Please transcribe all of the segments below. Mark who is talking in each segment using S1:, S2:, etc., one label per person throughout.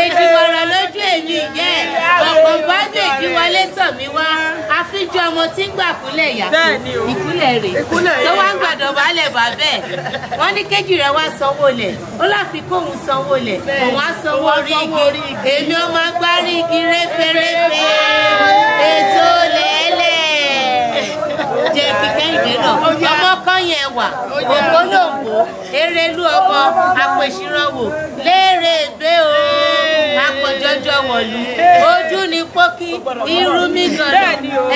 S1: èjì wàrà lójú èmi ìyẹ́ ọ̀pọ̀ bá gbèjì wọlé tàn mí wá àfijọ ọmọ tí ń gbà kúlẹ̀ yà ìkúlẹ̀ rẹ̀ tó wá ń gbàdọ̀ balẹ̀ bàbẹ́ wọ́n ní kéjì rẹ̀ wá sanwó lẹ̀ ó láfi kóhun sanwó lẹ̀ òun á sanwó orí igi èmi ọmọ agbárí igi réferéfe ètò lẹ́lẹ́ jẹ kíkẹ́hìndé náà ọmọ kọ́yìn ẹ̀wà ògbólógbò erelú ọkọ àpèsírọ́wò léèrè gbé o àpòjọjọ wọ̀lú ojú ni pókí irú mi gànà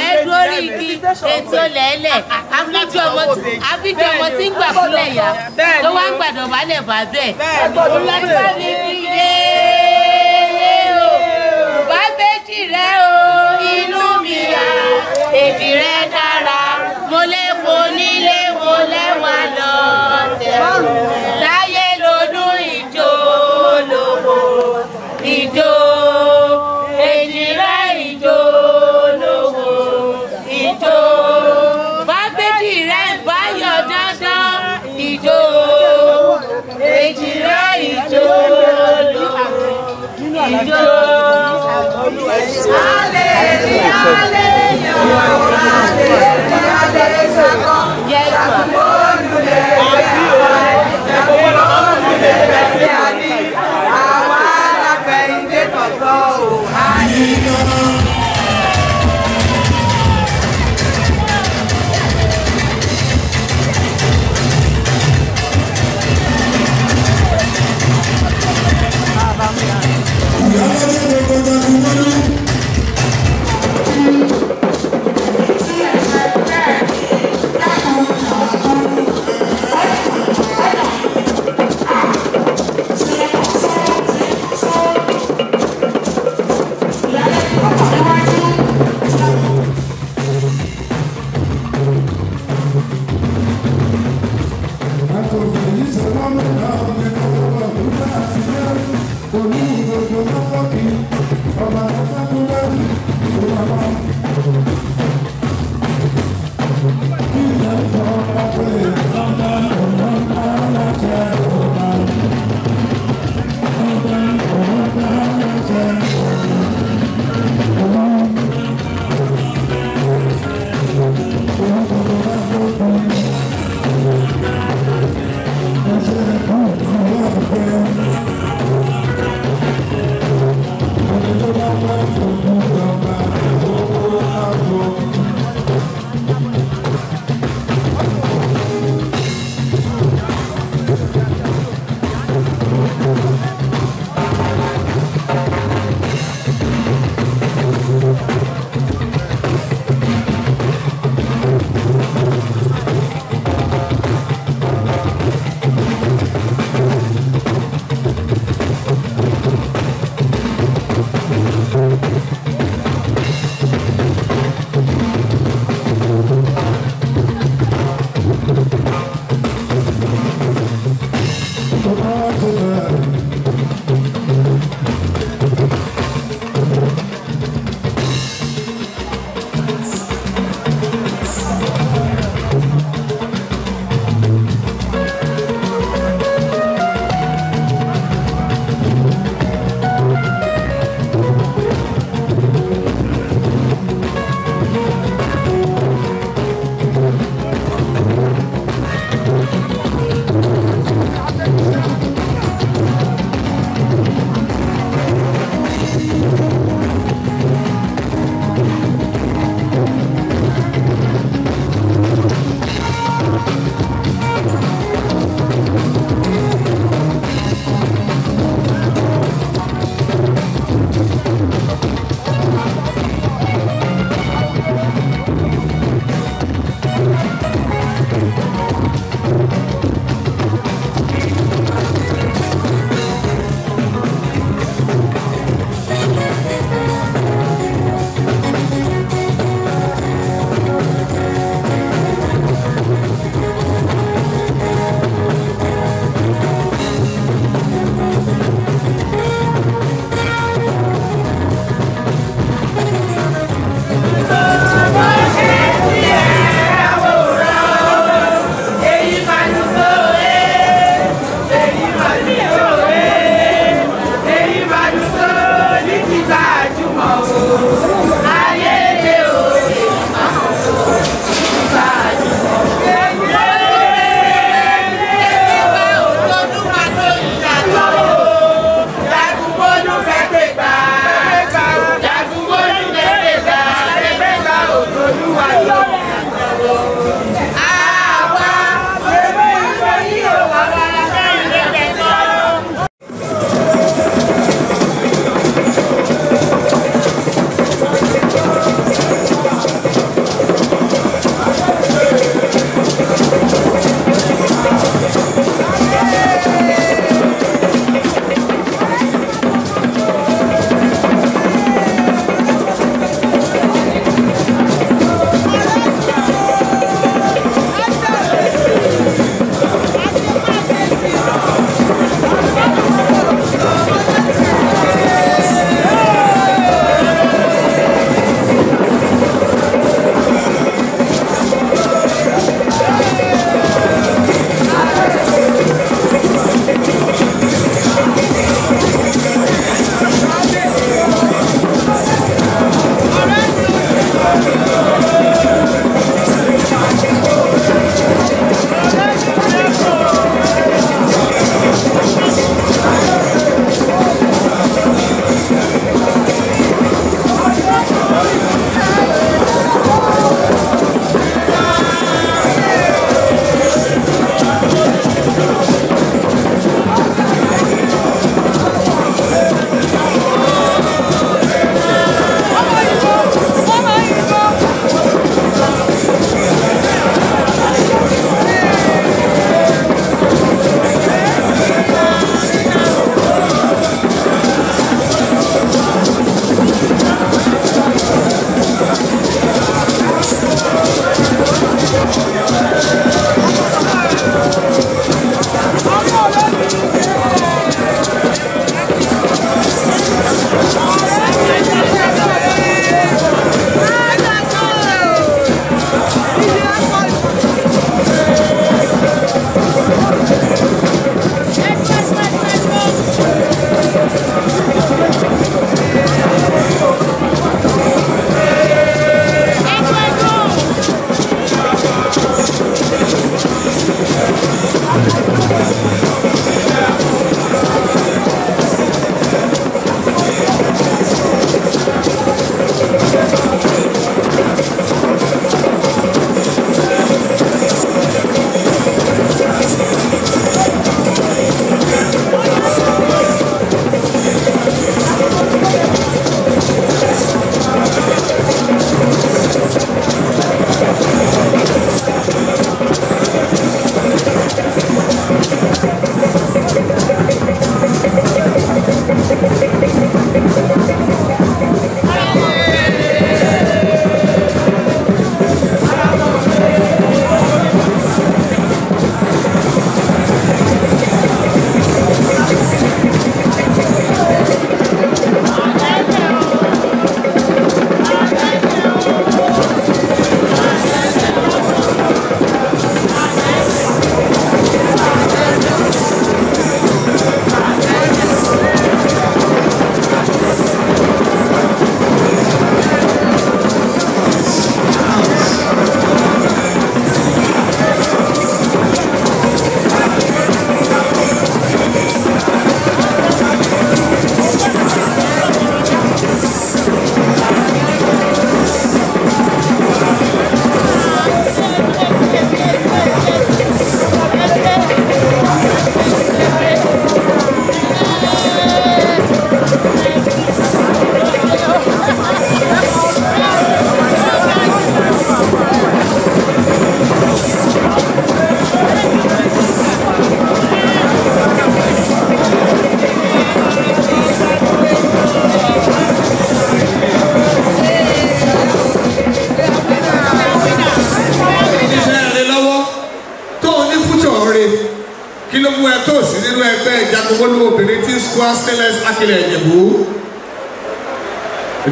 S1: ẹ̀dùn orí igi ètò lẹ́lẹ̀ ah, ah, ah, àfijọ́ ọmọ tí ń gbà fúnlẹ̀ yá tó wá ń gbàdọ̀ wálẹ̀ bá bẹ́ẹ̀ òun láti bá mi kí yéé e o bá bẹ́ẹ̀ jì rẹ o inú mi yá èjì rẹ dára onílé wo lẹ́wà lọ tẹ̀wọ̀ láyé lọ́dún ìjó lówó ìjó èjìrẹ́ ìjó lówó ìjó bábẹ́jì rẹ̀ báyọ̀ dandan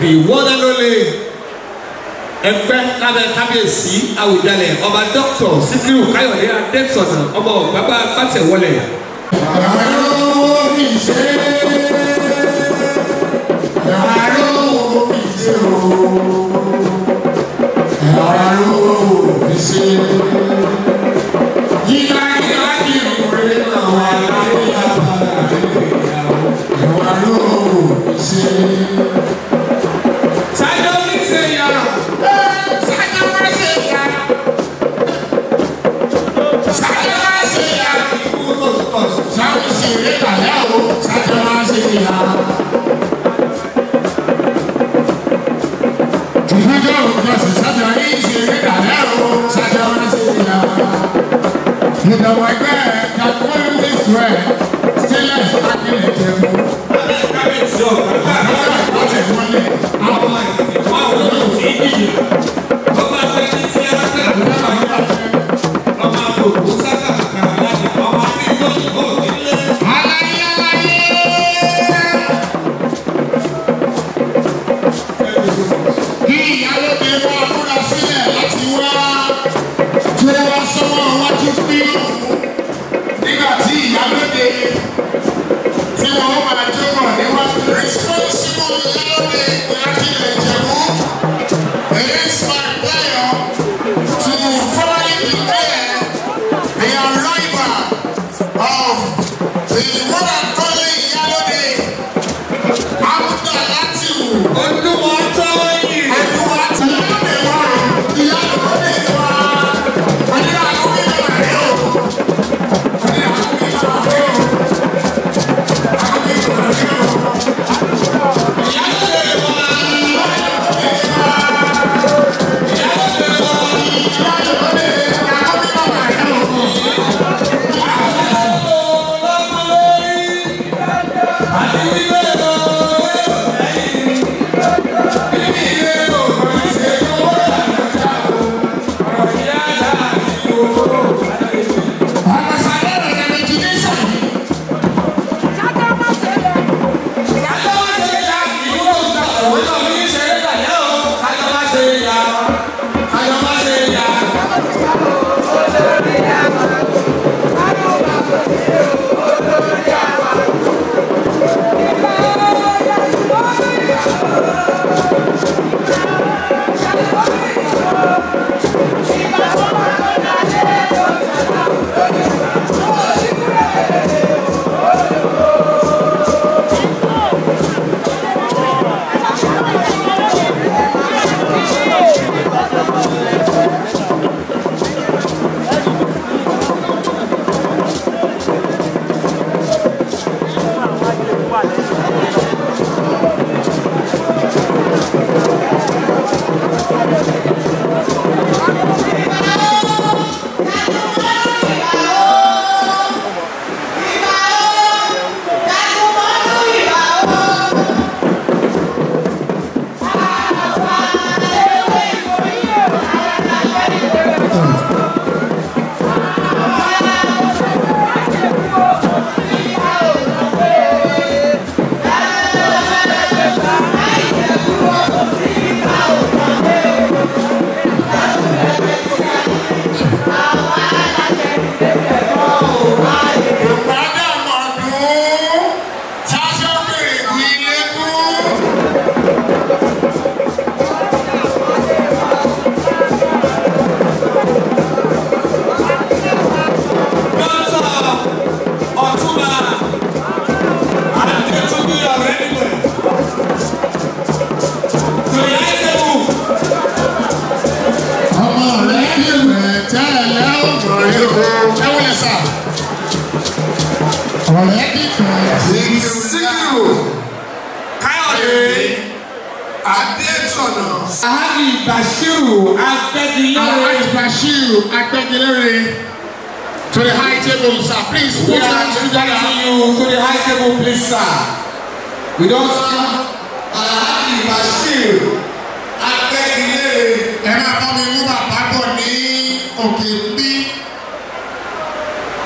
S2: the one and only ẹgbẹ́ lábẹ́ kábíyèsí Àwùjalẹ̀ ọba dókítà Síkírù Káyọ̀dé Adésọ̀nà ọmọ bàbá pàtẹ́wọlẹ̀. àwọn ọmọ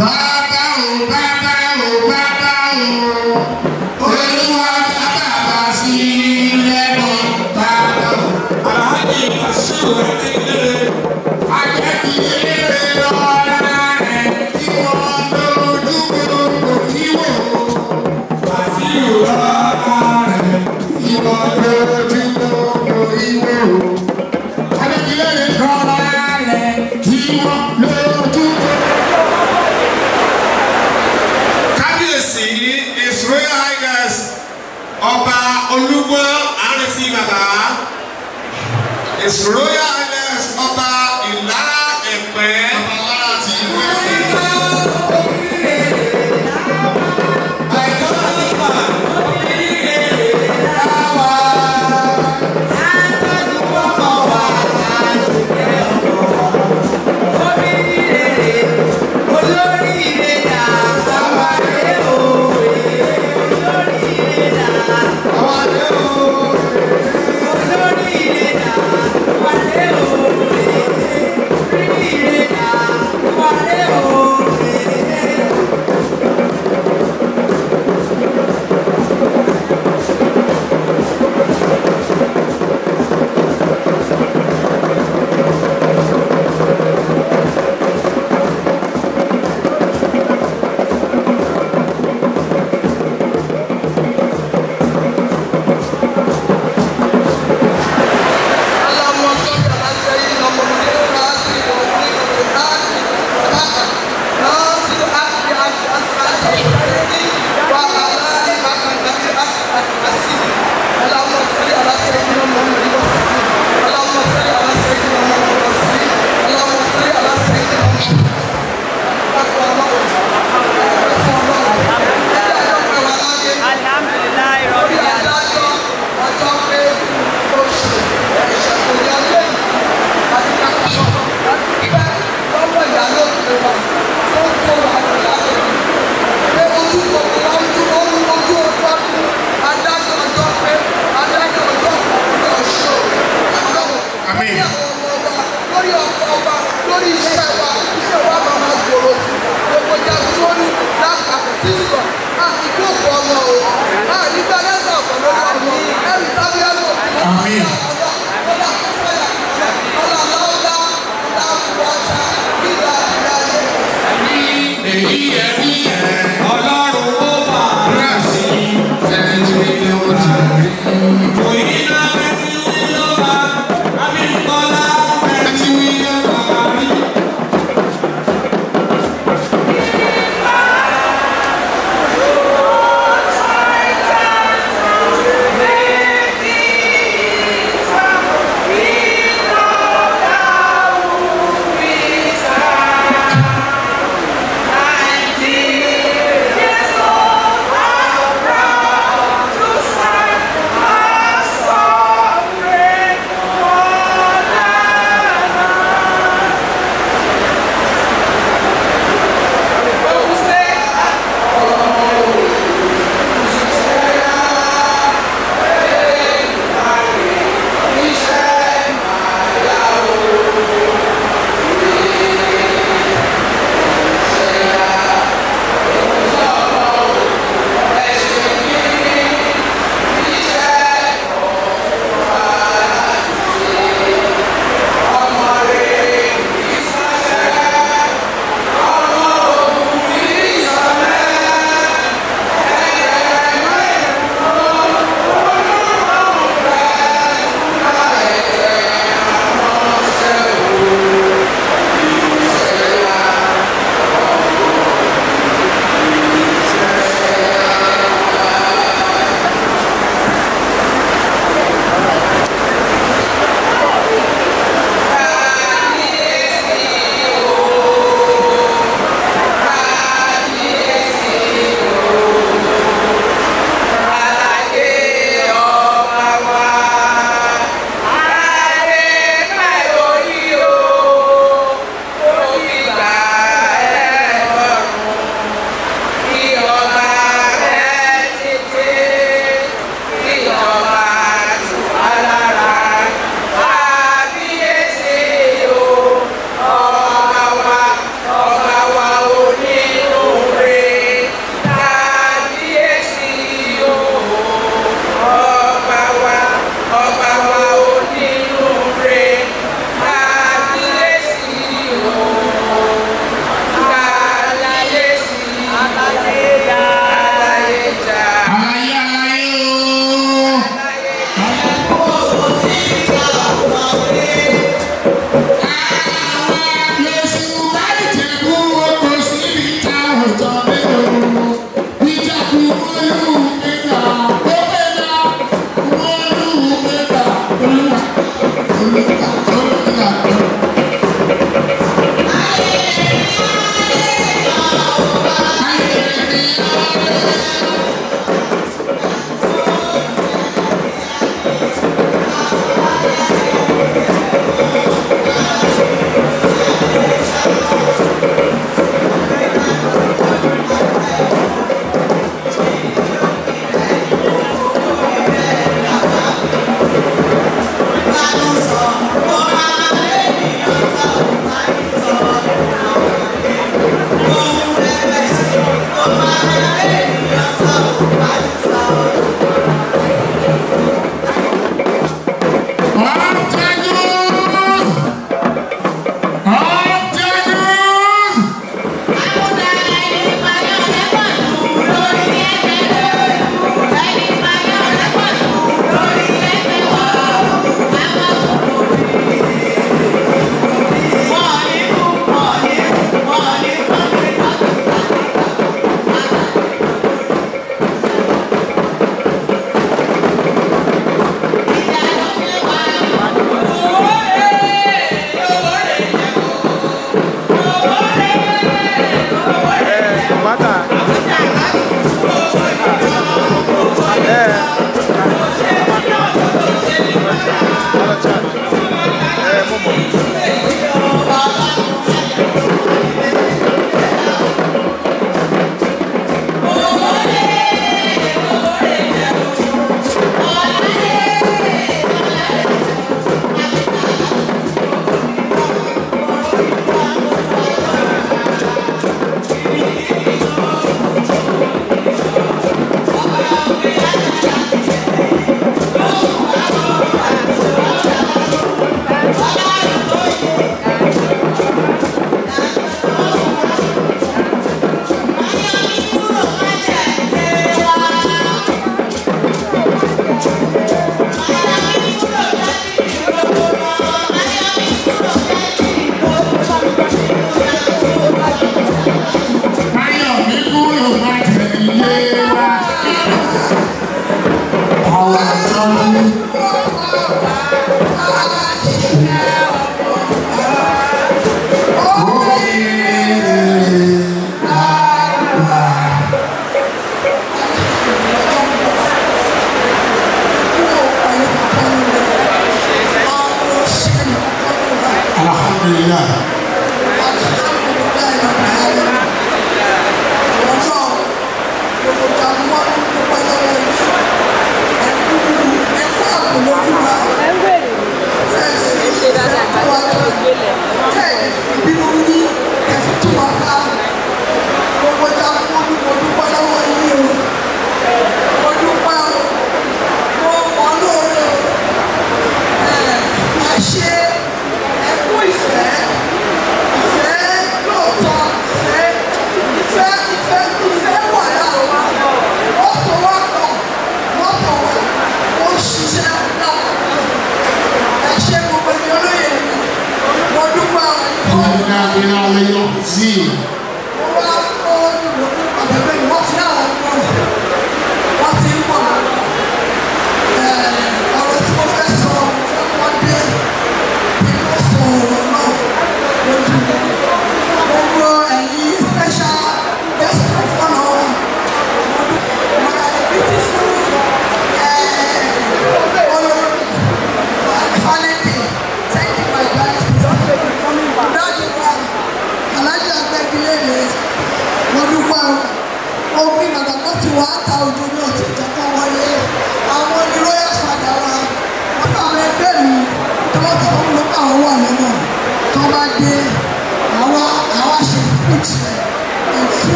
S2: Bye. Hallelujah.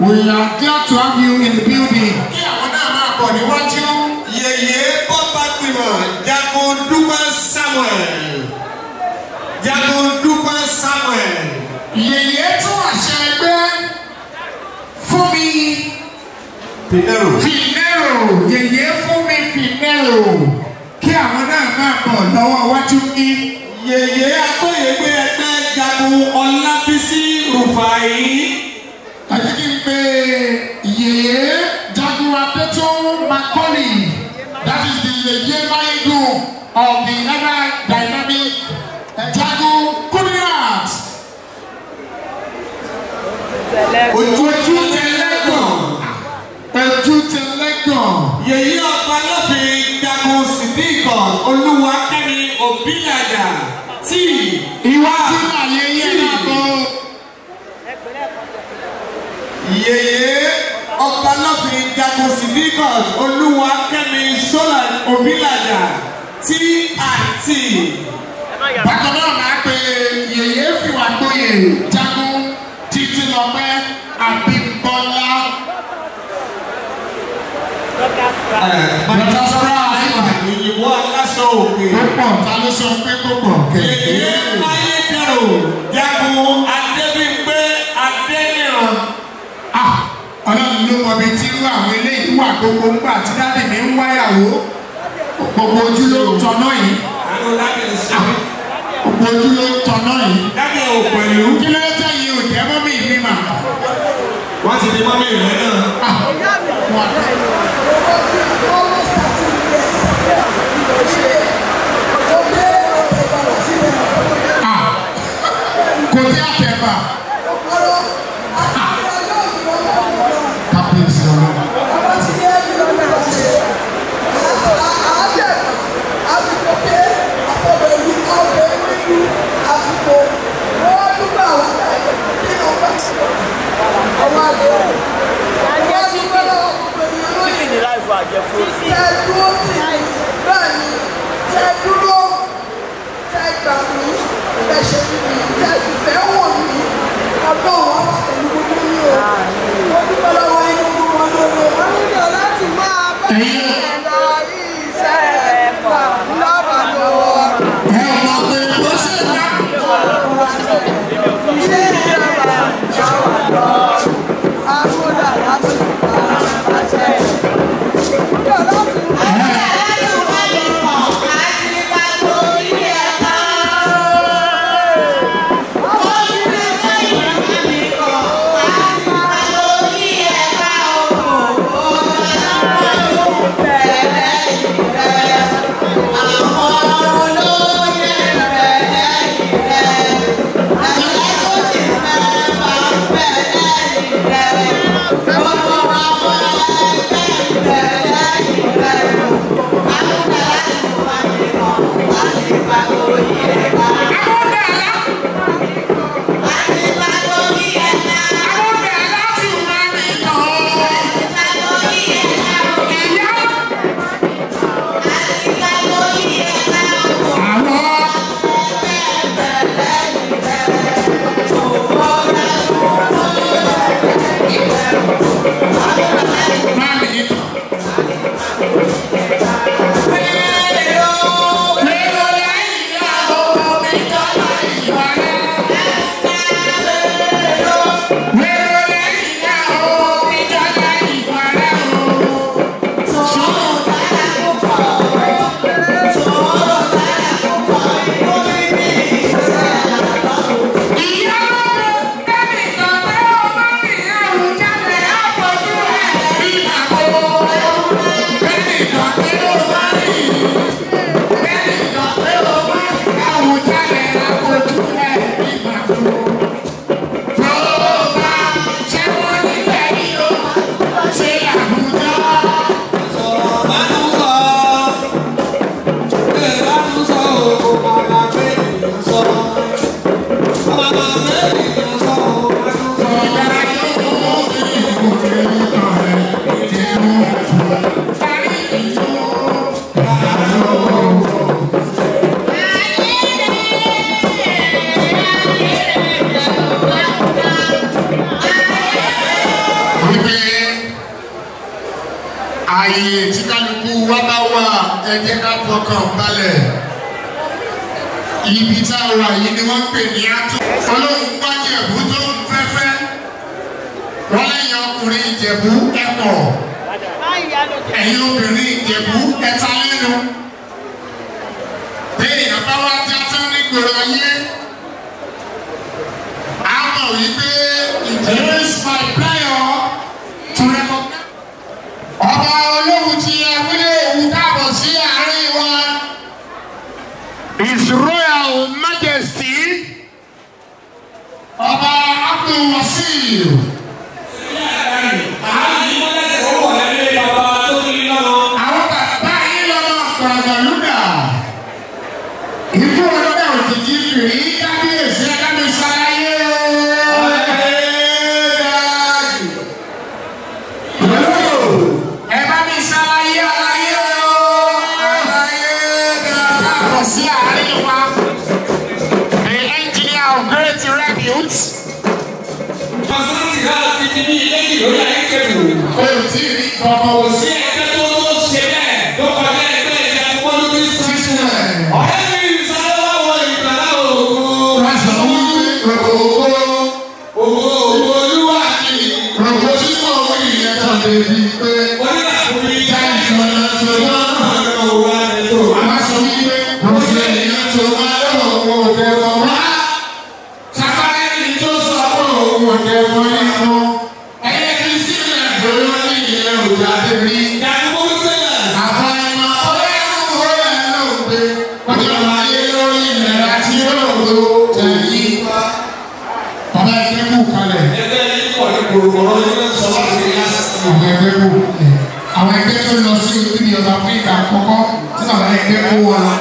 S2: We are glad to have you in the building. Kí àwọn náà máa bọ̀ níwájú. Yèyé bọ́pá gbìmọ̀ Jagun Dúpẹ́ Samuel. Jagun Dúpẹ́ Samuel. Yèyé tún àṣẹ ẹgbẹ́ fún mi. Finero. Finero. Yèyé fún mi Finero. Kí àwọn náà máa bọ̀ lọ́wọ́ iwájú ní. Yèyé agbóyegbé ẹgbẹ́ Jagun Ọlábísí Rufai àti kí n pe yèyé jagun adétún that is the yèyé mayegun of the ever dynamic jagun kudirat. ojú ojú tẹ lẹ́gàn ojú tẹ lẹ́gàn. yèyé ọba lọ́fẹ̀ẹ́ jagun sídìkọ̀ olúwa kẹ́mi òbí yàyà tí ìwà. yeye ọbalọ́fin jago sidiqat olúwa kẹ́mi sọ́là òbílàjà tí àti bàtọ́ náà máa pe yeye fìwà gboyè jago títí lọ́pẹ́ àbíbọ́lá. bàtà sọ́ra àìwà ìyìnbó aláṣọ òkè. ó pọ̀ ta ló sọ pé kò pọ̀ kẹ́kẹ́. yeye máyé dẹrù jago alẹ́. irú àwọn eléyìí wà gbogbo ńgbà tí dáàdì mi ń wáyàwó gbogbo ojú ló ń tọ́nà yìí gbogbo ojú ló ń tọ́nà yìí. dáàdì ò pẹ̀lú. kí ló tẹ̀ yìí ò jẹ́ mọ́mí mi mà. wọ́n ti di mọ́mí rẹ̀ náà. Ah, ah,
S3: kò àjẹ chicken chicken ní
S2: láìfọ àjẹ fúrúfú.
S3: tẹ dúró tì bẹ́ẹ̀ ni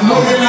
S2: 노래를 뭐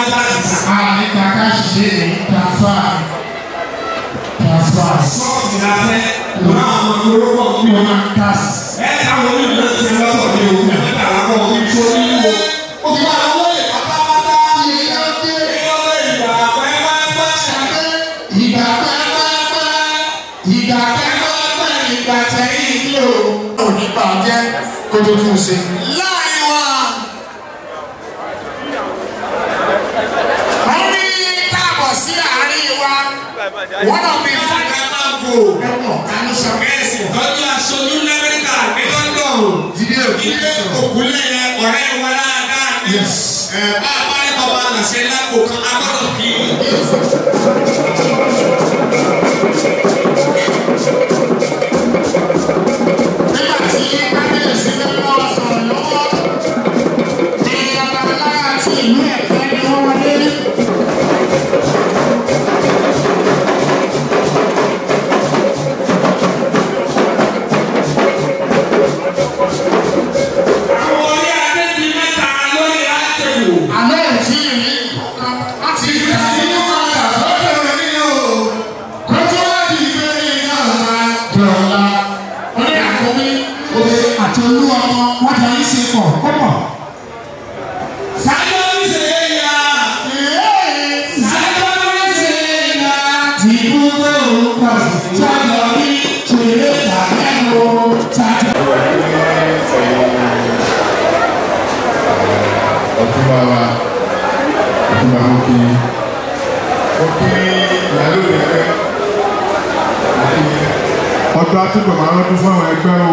S2: túbọ̀ máa lọ́dún fún àwọn ẹgbẹ́ o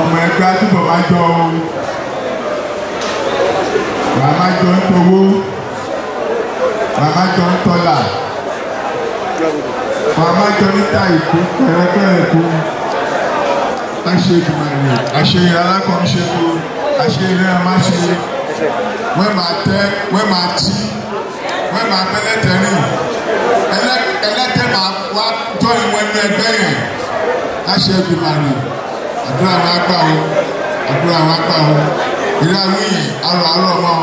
S2: ọmọ ẹgbẹ́ á túbọ̀ máa jọ o wàá máa jọ ń towó wàá máa jọ ń tọ́là wàá máa jọ níta ìkú pẹ̀rẹ́pẹ̀rẹ́ kú àṣẹ ìdùnnàyè àṣeyẹ alákọ̀ọ́ṣe tó àṣeyẹ amáṣe wẹ́ẹ̀ máa tẹ́ wẹ́ẹ̀ máa tí wẹ́ẹ̀ máa tẹ́lẹ̀ tẹ́rìn ẹlẹ́tẹ̀ máa wá tọ́ ìwọ ní ẹgbẹ́ yẹn láṣẹ ìgbìmọ̀ràn àdúrà wa gbà ó àdúrà wa gbà ó ìlà wíyì àrò àrò ọmọ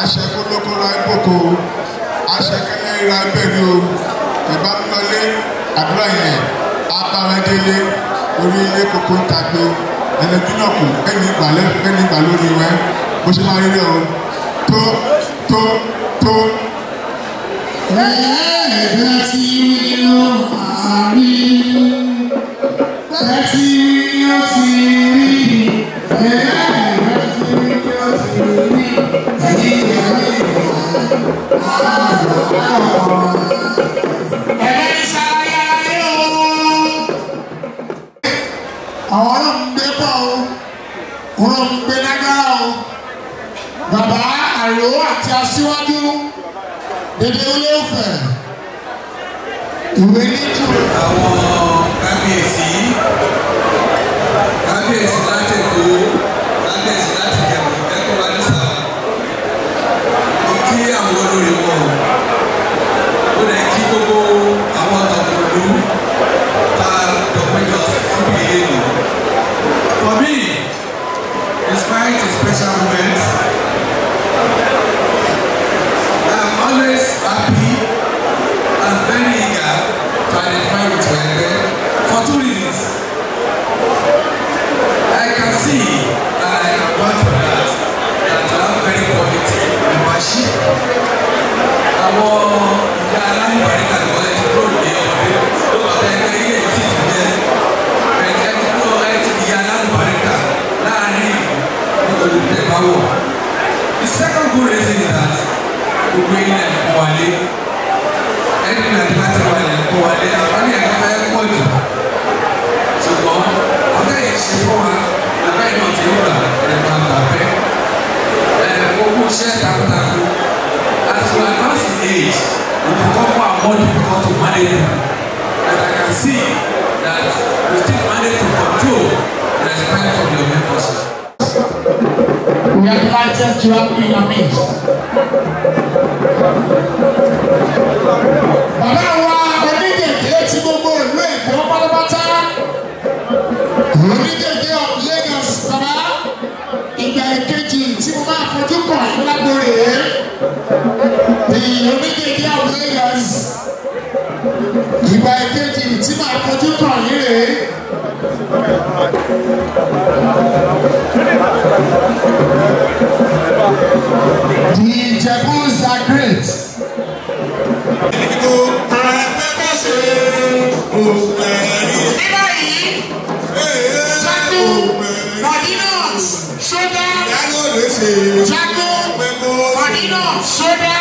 S2: àṣẹ kólókóló ẹgbòkó àṣẹ kẹlẹ ìlà ẹgbẹ̀rún o ìbámúlọlé àdúrà yẹn abáradélé orí ilé kókó ń tagbe ẹlẹgbìnàkù ẹni ìgbàlẹ ẹni ìgbàlódé wẹ bó ṣe máa rí rẹ o tó tó tó ẹ̀dá tí ó máa rí
S4: ẹ̀dá tí ó ti rí ẹ̀dá ẹ̀dá tí ó ti rí ẹ̀yìn ẹ̀rí ìwà àlọ́
S2: ẹ̀dá ìṣàlàyé bàbá àrò àti aṣíwájú dédé olóòfẹ́ ìwé níjú àwọn kábíyèsí
S3: kábíyèsí láti Èkó kábíyèsí láti.
S2: gbogbo yín náà kó wálé ẹni náà ti láti wálé kó wálé àwọn ní ẹ̀ka fẹ́ jù ṣùgbọ́n ọ̀tá yìí ṣe fún wa bàbá yìí náà ti ń gbà ẹ̀ka bàbẹ́ ẹ̀ gbogbo iṣẹ́ takuntakun àti wà lọ́sì èjì òkùnkọ́ fún àwọn olùkọ́ tó má lè dùn and I can see that we still manage to control the strength of your members. We are delighted to have you in our midst. millions ìgbà ìkejì tí màá fojú kàn yín rèé. The Jebus are great. Ìgbò àgbẹ̀ bá ṣe òpè rí. Nígbà yìí, Jago, Madinot, Soda, Jago, Madinot, Soda.